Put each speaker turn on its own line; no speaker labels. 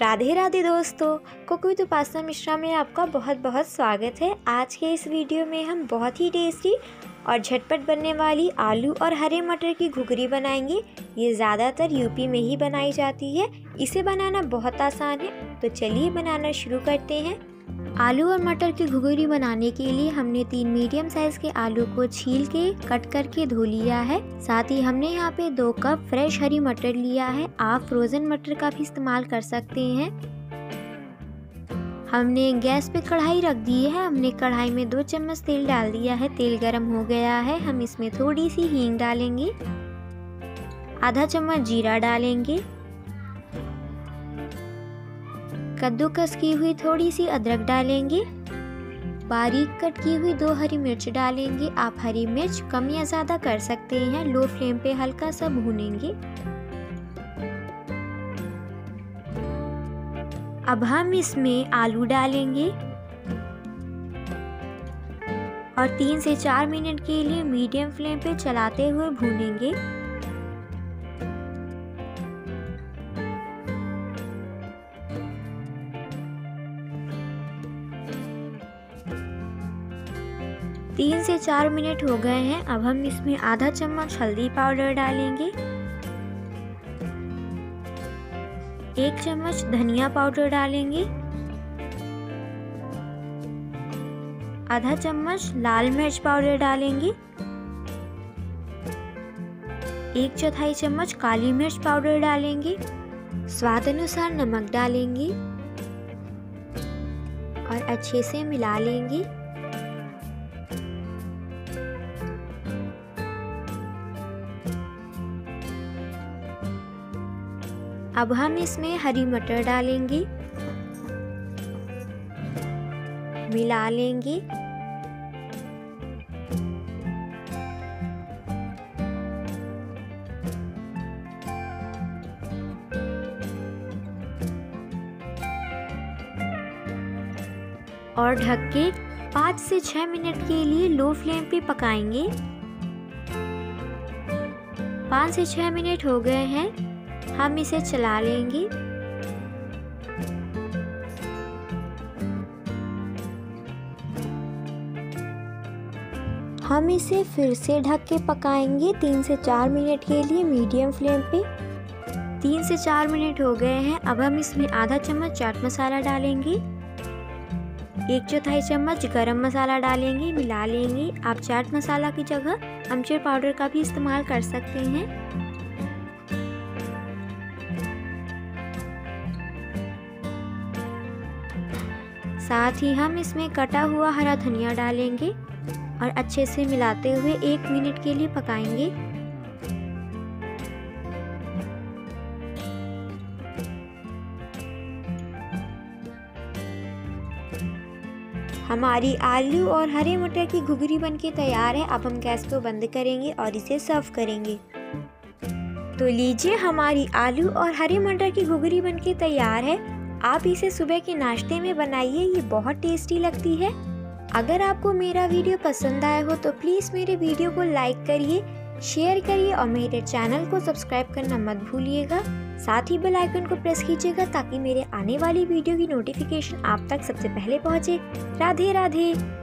राधे राधे दोस्तों कुकिंग उपासना मिश्रा में आपका बहुत बहुत स्वागत है आज के इस वीडियो में हम बहुत ही टेस्टी और झटपट बनने वाली आलू और हरे मटर की घुघरी बनाएंगे ये ज़्यादातर यूपी में ही बनाई जाती है इसे बनाना बहुत आसान है तो चलिए बनाना शुरू करते हैं आलू और मटर की घुगरी बनाने के लिए हमने तीन मीडियम साइज के आलू को छील के कट करके धो लिया है साथ ही हमने यहाँ पे दो कप फ्रेश हरी मटर लिया है आप फ्रोजन मटर का भी इस्तेमाल कर सकते हैं हमने गैस पे कढ़ाई रख दी है हमने कढ़ाई में दो चम्मच तेल डाल दिया है तेल गर्म हो गया है हम इसमें थोड़ी सी हींग डालेंगे आधा चम्मच जीरा डालेंगे कद्दूकस की हुई थोड़ी सी अदरक डालेंगे बारीक कट की हुई दो हरी मिर्च डालेंगे आप हरी मिर्च कम या ज़्यादा कर सकते हैं लो फ्लेम पे हल्का सा भूनेंगे अब हम इसमें आलू डालेंगे और तीन से चार मिनट के लिए मीडियम फ्लेम पे चलाते हुए भूनेंगे तीन से चार मिनट हो गए हैं अब हम इसमें आधा चम्मच हल्दी पाउडर डालेंगे एक चम्मच धनिया पाउडर डालेंगे आधा चम्मच लाल मिर्च पाउडर डालेंगे एक चौथाई चम्मच काली मिर्च पाउडर डालेंगे स्वाद अनुसार नमक डालेंगे और अच्छे से मिला लेंगे अब हम इसमें हरी मटर डालेंगे मिला लेंगे और ढक के पाँच से छह मिनट के लिए लो फ्लेम पे पकाएंगे पाँच से छह मिनट हो गए हैं हम इसे चला लेंगे हम इसे फिर से ढक के पकाएंगे तीन से चार मिनट के लिए मीडियम फ्लेम पे तीन से चार मिनट हो गए हैं अब हम इसमें आधा चम्मच चाट मसाला डालेंगे एक चौथाई चम्मच गरम मसाला डालेंगे मिला लेंगे आप चाट मसाला की जगह अमचूर पाउडर का भी इस्तेमाल कर सकते हैं साथ ही हम इसमें कटा हुआ हरा धनिया डालेंगे और अच्छे से मिलाते हुए एक मिनट के लिए पकाएंगे हमारी आलू और हरे मटर की घुघरी बनके तैयार है अब हम गैस को बंद करेंगे और इसे सर्व करेंगे तो लीजिए हमारी आलू और हरे मटर की घुघरी बनके तैयार है आप इसे सुबह के नाश्ते में बनाइए ये बहुत टेस्टी लगती है अगर आपको मेरा वीडियो पसंद आया हो तो प्लीज़ मेरे वीडियो को लाइक करिए शेयर करिए और मेरे चैनल को सब्सक्राइब करना मत भूलिएगा साथ ही बेल आइकन को प्रेस कीजिएगा ताकि मेरे आने वाली वीडियो की नोटिफिकेशन आप तक सबसे पहले पहुंचे राधे राधे